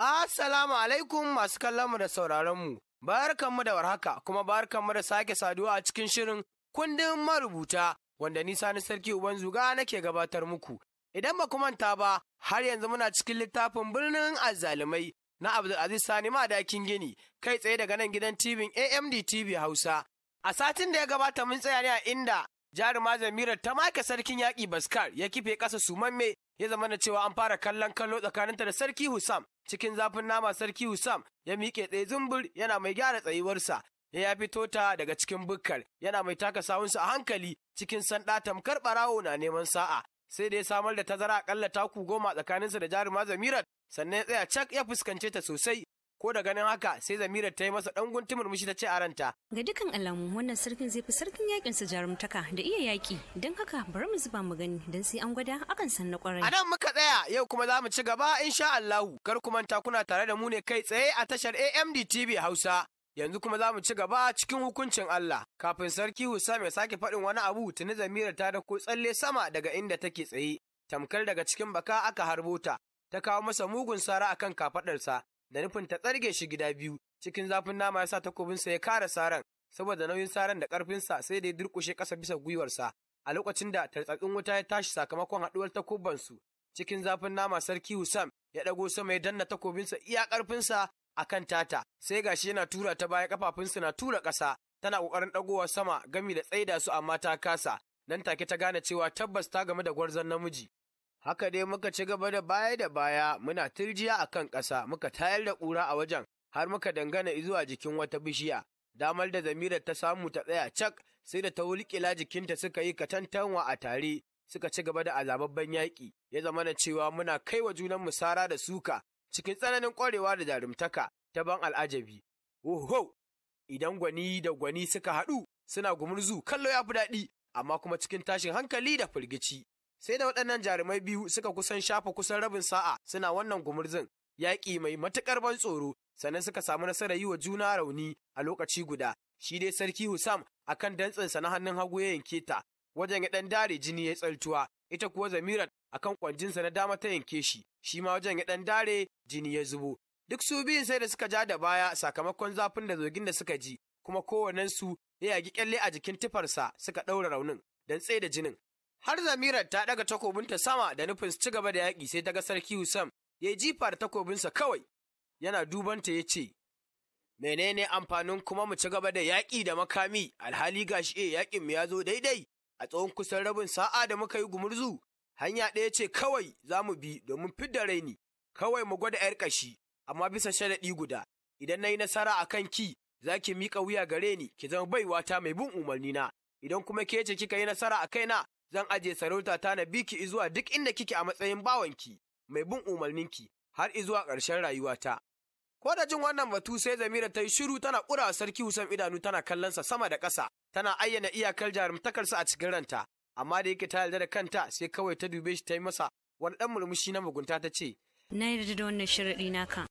Assalamu alaikum masu kallonmu da sauraronmu. Barkanmu da warhaka kuma barkanmu da sake saduwa a cikin shirin kundin marubuta wanda ni na Sarki Uban Zuga nake gabatar muku. Idan ba manta ba, har yanzu muna cikin littafin birnin azzalumai na Abdulaziz Sani Madakin Gini, kai tsaye daga nan gidan TV AMD TV Hausa. A satin da ya gabata mun tsaya ne a inda jarumar Zamira ta make sarkin yaƙi Baskar ya kife ƙasa sumamme ya zama na cewa an fara kallon kallo tsakaninta da sarki Husam cikin zafin nama sarki Husam ya miƙe tsaye zumbur yana mai gyara tsayuwarsa ya ya fito ta daga cikin bukkar yana mai taka sawunsa a hankali cikin sanda tamkar barawo na neman sa'a sai da ya samar da tazara akalla taku goma tsakaninsa da jaruma zamirat sannan ya tsaya cak ya fuskance ta sosai ko da ganin haka sai zamirar ta yi masa dan guntun murmushi ta ce a ranta ga dukkan alamu wannan sarkin zai fi sarkin yakin sa jarumtaka da iya yaki don haka bari mu zuba mu gani don sai an gwada akan san na kwarai a nan muka tsaya yau kuma za mu ci gaba in sha Allahu kar ku manta kuna tare da mu ne kai tsaye a tashar AMD TV Hausa yanzu kuma za mu ci gaba cikin hukuncin Allah kafin sarki hussam ya sake faɗin wani abu tuni zamirar ta da ko tsalle sama daga inda take tsaye tamkar daga cikin baka aka harbo ta ta kawo masa mugun sara akan kafaɗarsa da nufin ta tsarge shi gida biyu cikin zafin nama ya sa takobinsa ya kare saran saboda nauyin saran da ƙarfinsa sai da ya durƙushe ƙasa bisa gwiwarsa a lokacin da tartsatsin wuta ya tashi sakamakon haɗuwar takobansu cikin zafin nama sarki Husam ya ɗago sama ya danna takobinsa iya ƙarfinsa a kan tata sai gashi yana tura ta baya kafafunsa na tura ƙasa tana ƙoƙarin ɗagowa sama gami da tsaida su amma ta kasa nan take ta gane cewa tabbas ta game da gwarzon namiji Haka dai muka ci gaba da baya da baya muna turjiya a kan ƙasa muka tayar da ƙura a wajen har muka dangana zuwa jikin wata bishiya. Damar da zamirar ta samu ta tsaya cak sai da ta wulƙila jikinta suka yi katantanwa a tare suka ci gaba da azababban yaƙi ya zama na cewa muna kai wa junan sara da suka cikin tsananin ƙwarewa da jarumtaka ta ban al'ajabi. Oho! Idan gwani da gwani suka haɗu suna gumurzu kallo ya fi daɗi amma kuma cikin tashin hankali da firgici. Sai da waɗannan jarumai biyu suka kusan shafa kusan rabin sa'a suna wannan gumurzin yaƙi mai matuƙar ban tsoro sannan suka samu nasarar yi wa juna rauni a lokaci guda. Shi dai sarki Husam akan dantsinsa na hannun hagu ya yanke ta wajen ya ɗan dare jini ya tsaltuwa ita kuwa Zamirat akan kwanjinsa na dama ta yanke shi shi ma wajen ya ɗan dare jini ya zubo. Duk su biyun sai da suka ja da baya sakamakon zafin da zogin da suka ji kuma kowannensu ya yagi kyalle a jikin tufarsa suka ɗaura raunin don tsaye da jinin Har Zamirar ta ɗaga takobinta sama da nufin su ci gaba da yaƙi sai ta ga Sarki Husam ya jifa da takobinsa kawai yana dubanta ya ce, Menene amfanin kuma mu ci gaba da yaƙi da makami alhali gashi e eh, yaƙin mu ya zo daidai a tsawon kusan rabin sa'a da muka yi gumurzu hanya ɗaya ce kawai za mu bi domin fidda raini kawai mu gwada 'yar ƙashi amma bisa sharaɗi guda idan na yi nasara a kan ki za ki miƙa wuya gare ni ki zama baiwata mai bin umarnina idan kuma ke ce kika yi nasara a kaina zan aje sarauta ta na biki izuwa duk inda kike a matsayin bawanki, mai bin umarninki, har izuwa ƙarshen rayuwata. Ko da jin wannan batu sai Zamira ta yi shiru tana ƙura sarki Husam idanu tana kallonsa sama da ƙasa, tana ayyana iyakar jarumtakarsa a cikin ranta, amma da yake ta yarda da kanta sai kawai ta dube shi ta yi masa wani dan murmushi na mugunta ta ce. Na yarda da wannan sharaɗi kan.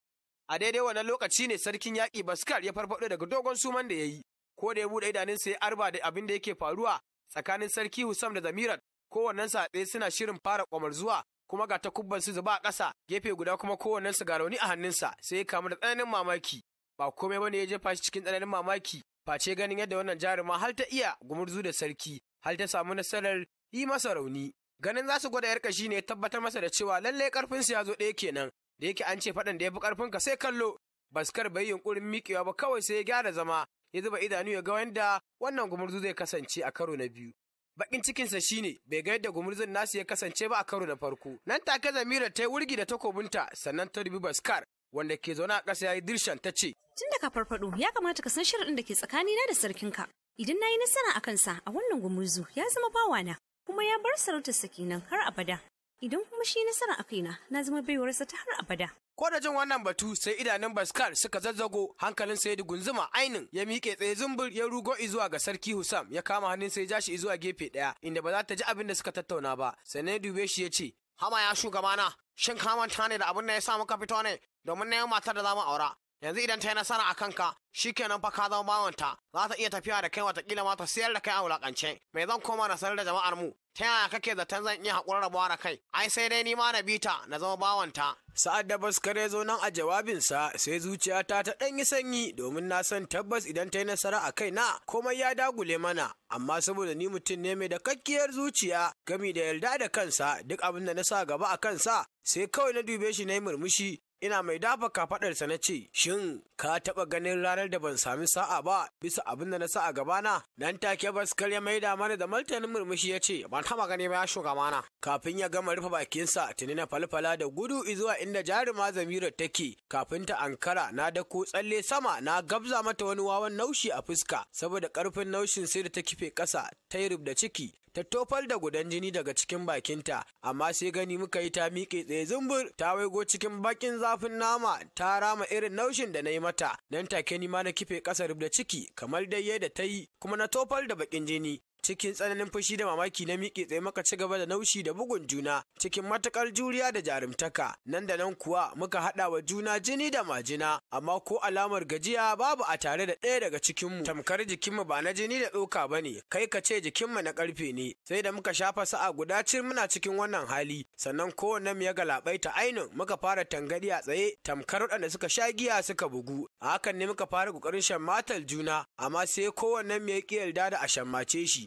A daidai wannan lokaci ne sarkin yaƙi Baskar ya farfaɗo daga dogon suman da ya yi, ko da ya buɗe idanunsa ya arba da abin da yake faruwa tsakanin sarki Husam da Zamirat kowannen sa tsaye suna shirin fara kwamar zuwa kuma ga takubban su zuba a ƙasa gefe guda kuma kowannen su ga rauni a hannunsa sai ya kamu da tsananin mamaki ba komai bane ya jefa shi cikin tsananin mamaki face ganin yadda wannan jaruma har ta iya gumurzu da sarki har ta samu nasarar yi masa rauni ganin za su gwada yarka shi ne tabbatar masa da cewa lallai karfin su ya zo ɗaya kenan da yake an ce faɗan da ya fi karfin ka sai kallo baskar bai yunkurin miƙewa ba kawai sai ya gyara zama ya zuba idanu ya ga wanda wannan gumurzu zai kasance a karo na biyu. Bakin cikinsa shi ne bai ga yadda gumurzun nasu ya kasance ba a karo na farko. Nan take Zamira ta yi wurgi da takobinta sannan ta rubi Baskar wanda ke zaune a ƙasa ya yi dirshan ta ce. Tun da ka farfaɗo ya kamata ka san shirin da ke tsakanina da sarkinka. Idan na yi nasara a kansa a wannan gumurzu ya zama bawana kuma ya bar sarautar sakinan har abada Idan kuma shi nasara a kaina, na zama baiwarsa ta har abada. Ko da jin wannan batu sai idanun Baskar suka zazzago hankalin Sayidu Gunzuma ainin ya miƙe tsaye zumbur ya rugo izuwa ga Sarki Husam ya kama hannun sai ja shi izuwa gefe ɗaya inda ba za ta ji abin da suka tattauna ba. sai ya dube shi ya ce, Hama ya shugabana, shin ka manta ne da abin da ya sa muka fito ne domin na yi matar da zamu aura. yanzu idan ta yi nasara a kanka shi kenan fa ka zama bawanta za ta iya tafiya da kai watakila ma ta siyar da kai a wulakance mai zan koma na sanar da jama'ar mu ta yaya kake zaton zan iya haƙurar rabuwa da kai ai sai dai ni ma na bita na zama bawanta sa'ad da baskare zo nan a jawabinsa sai zuciya ta ɗan yi sanyi domin na san tabbas idan ta yi nasara a kai na komai ya dagule mana amma saboda ni mutum ne mai da kakkiyar zuciya gami da yarda da kansa duk abin da na sa gaba a kansa sai kawai na dube shi na yi murmushi Ina mai dafa kafaɗarsa na ce, Shin, ka taɓa ganin ranar da ban sami sa'a ba bisa abin da na sa a gaba gabana? Nan take Baskar ya maida mana da martanin murmushi ya ce, Ban taɓa gani ba ya shugabana. Kafin ya gama rufe bakinsa, tuni na falfala da gudu zuwa inda jaruma Zamirar take. Kafin ta ankara, na dako tsalle sama, na gabza mata wani wawan naushi a fuska, saboda karfin naushin sai da ta kife ƙasa, ta yi rubda ciki, ta tofar da gudan jini daga cikin bakinta, amma sai gani muka yi ta miƙe tsaye zumbur, ta waigo cikin bakin zafin nama ta rama irin naushin da na yi mata nan take ni ma na kife ƙasa rubda ciki kamar dai yadda ta yi kuma na tofar da bakin jini cikin tsananin fushi da mamaki na miƙe tsaye maka ci gaba da naushi da bugun juna cikin matakar juriya da jarumtaka nan da nan kuwa muka haɗa wa juna jini da majina amma ko alamar gajiya babu a tare da ɗaya daga cikin mu tamkar jikinmu ba na jini da ɗauka ba ne kai ka ce jikin mu na ƙarfe ne sai da muka shafa sa'a guda cin muna cikin wannan hali sannan kowanne mu ya ta ainun muka fara tangaɗi a tsaye tamkar waɗanda suka sha giya suka bugu a hakan ne muka fara ƙoƙarin shammatar juna amma sai kowanne mu ya ƙi yarda da a shammace shi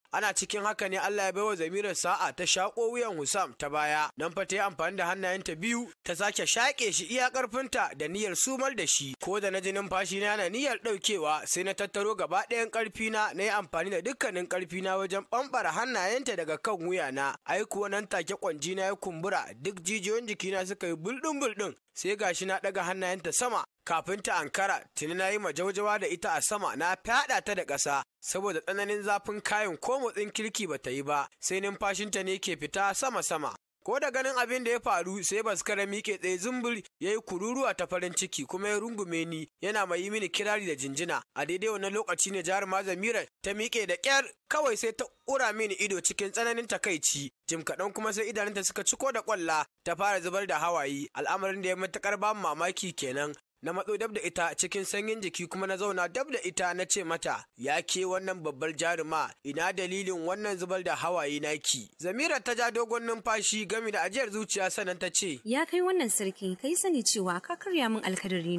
ana cikin haka ne Allah ya baiwa zamirar sa'a ta shaƙo wuyan Husam ta baya don fa ta yi amfani da hannayenta biyu ta sake shaƙe shi iya ƙarfinta da niyyar sumar da shi ko da na ji numfashi na yana niyyar ɗaukewa sai na tattaro gaba ɗayan ƙarfi na yi amfani da dukkanin ƙarfi na wajen ɓamɓara hannayenta daga kan wuyana ai kuwa nan take na ya kumbura duk jijiyoyin jiki na suka yi bulɗin bulɗin sai gashi na ɗaga hannayenta sama kafin ta ankara tuni na yi majaujawa da ita a sama na fyaɗa ta da ƙasa saboda tsananin zafin kayan ko motsin kirki ba ta yi ba sai numfashinta ne ke fita sama-sama ko da ganin abin da ya faru sai baskara miƙe tsaye zumbur ya yi kururuwa ta farin ciki kuma ya rungume ni yana mai yi mini kirari da jinjina a daidai wannan lokaci ne jihar mazamira ta miƙe da ƙyar kawai sai ta ƙura mini ido cikin tsananin takaici jim kaɗan kuma sai idanunta suka ciko da ƙwalla ta fara zubar da hawaye al'amarin da ya matuƙar ba mamaki kenan na matso dab da ita cikin sanyin jiki kuma na zauna dab da ita na ce mata ya ke wannan babbar jaruma ina dalilin wannan zubar da hawaye naki zamira ta ja dogon numfashi gami da ajiyar zuciya sannan ta ce ya kai wannan sarki kai sani cewa ka karya min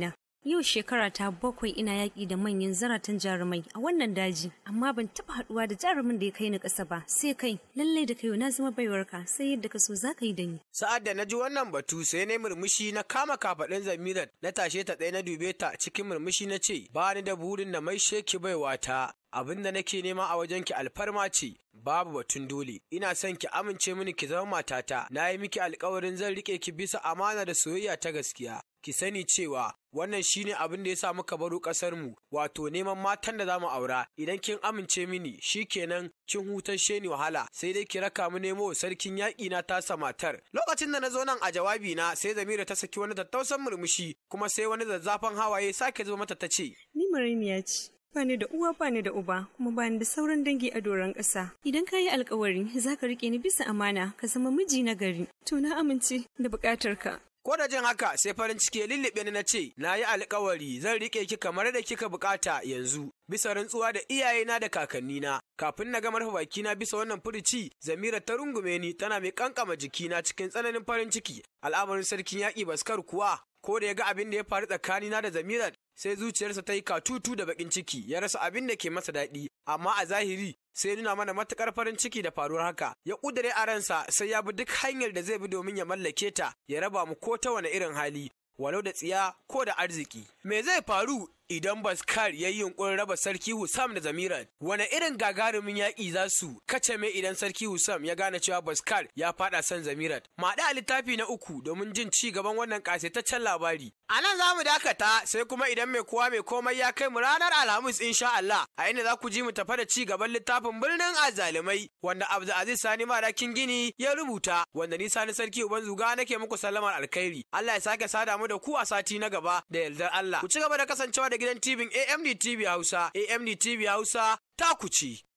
na. Yau shekara ta bakwai ina yaƙi da manyan zaratan jarumai a wannan daji, amma ban taɓa haɗuwa da jarumin da ya kai ni ƙasa ba, sai kai, lallai da kayo na zama baiwarka sai yadda ka so za ka yi da ni. Sa'ad da na ji wannan batu sai na murmushi na kama kafaɗin zamirat na tashe ta tsaye na dube ta cikin murmushi na ce, ba ni da burin na mai sheki ta, Abin da nake nema a wajen ki alfarma ce, babu batun dole ina son ki amince mini ki zama matata na yi miki alkawarin zan rike ki bisa amana da soyayya ta gaskiya ki sani cewa wannan shine abin da ya sa muka baro ƙasar mu wato neman matan da zamu aura idan kin amince mini shikenan kin hutashe ni wahala sai dai ki raka mu nemo sarkin yaƙi na tasa matar lokacin da na zo nan a jawabi na sai Zamira ta saki wani tattausan murmushi kuma sai wani zazzafan hawaye sake zo mata ta ce ni murmiya ce Bani da uwa bani da uba kuma bani da sauran dangi a doron ƙasa idan ka yi alkawari za ka riƙe ni bisa amana ka zama miji na gari to na amince da buƙatar ka Ko da jin haka sai farin ciki ya lullube ni na ce, Na yi alkawari zan riƙe ki kamar da kika buƙata yanzu, bisa rantsuwa da iyayena da kakannina. Kafin na gama rufe bakina bisa wannan furici, Zamira ta rungume ni tana mai kankama jikina cikin tsananin farin ciki. Al'amarin sarkin yaƙi baskar kuwa, ko da ya ga abin da ya faru tsakanina da Zamira sai zuciyarsa ta yi katutu da bakin ciki ya rasa abin da ke masa daɗi amma a zahiri sai nuna mana matukar farin ciki da faruwar haka ya kudure a ransa sai ya bi duk hanyar da zai bi domin ya mallake ta ya raba mu ko ta wani irin hali walau da tsiya ko da arziki me zai faru idan Baskar ya yi yunkurin raba sarki Hussam da Zamirat, Wane irin gagarumin yaƙi za su kace mai idan sarki Husam ya gane cewa Baskar ya faɗa san Zamirat? Maɗa a littafi na uku domin jin ci gaban wannan ƙasaitaccen labari. A nan za mu dakata sai kuma idan mai kowa mai komai ya kai mu ranar Alhamis insha Allah a inda za ku ji mu tafa da ci gaban littafin birnin azalimai. wanda Abdulaziz Sani Marakin Gini ya rubuta wanda ni Sani Sarki Uban Zuga nake muku sallamar alkhairi. Allah ya sake sada mu da ku a sati na gaba da yardar Allah. Ku ci gaba da kasancewa da gidan TV AMD TV Hausa, AMD TV Hausa ta kuci.